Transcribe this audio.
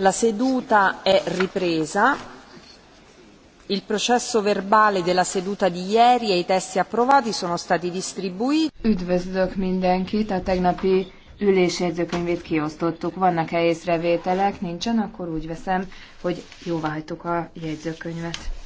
La seduta è ripresa. Il processo verbale della seduta di ieri e i testi approvati sono stati distribuiti. Üdvözlök mindenkit, a tegnapi ülésjegyzőkönyvét kiosztottuk. Vannak-e észrevételek? Nincsen, akkor úgy veszem, hogy jóváltuk a jegyzőkönyvet.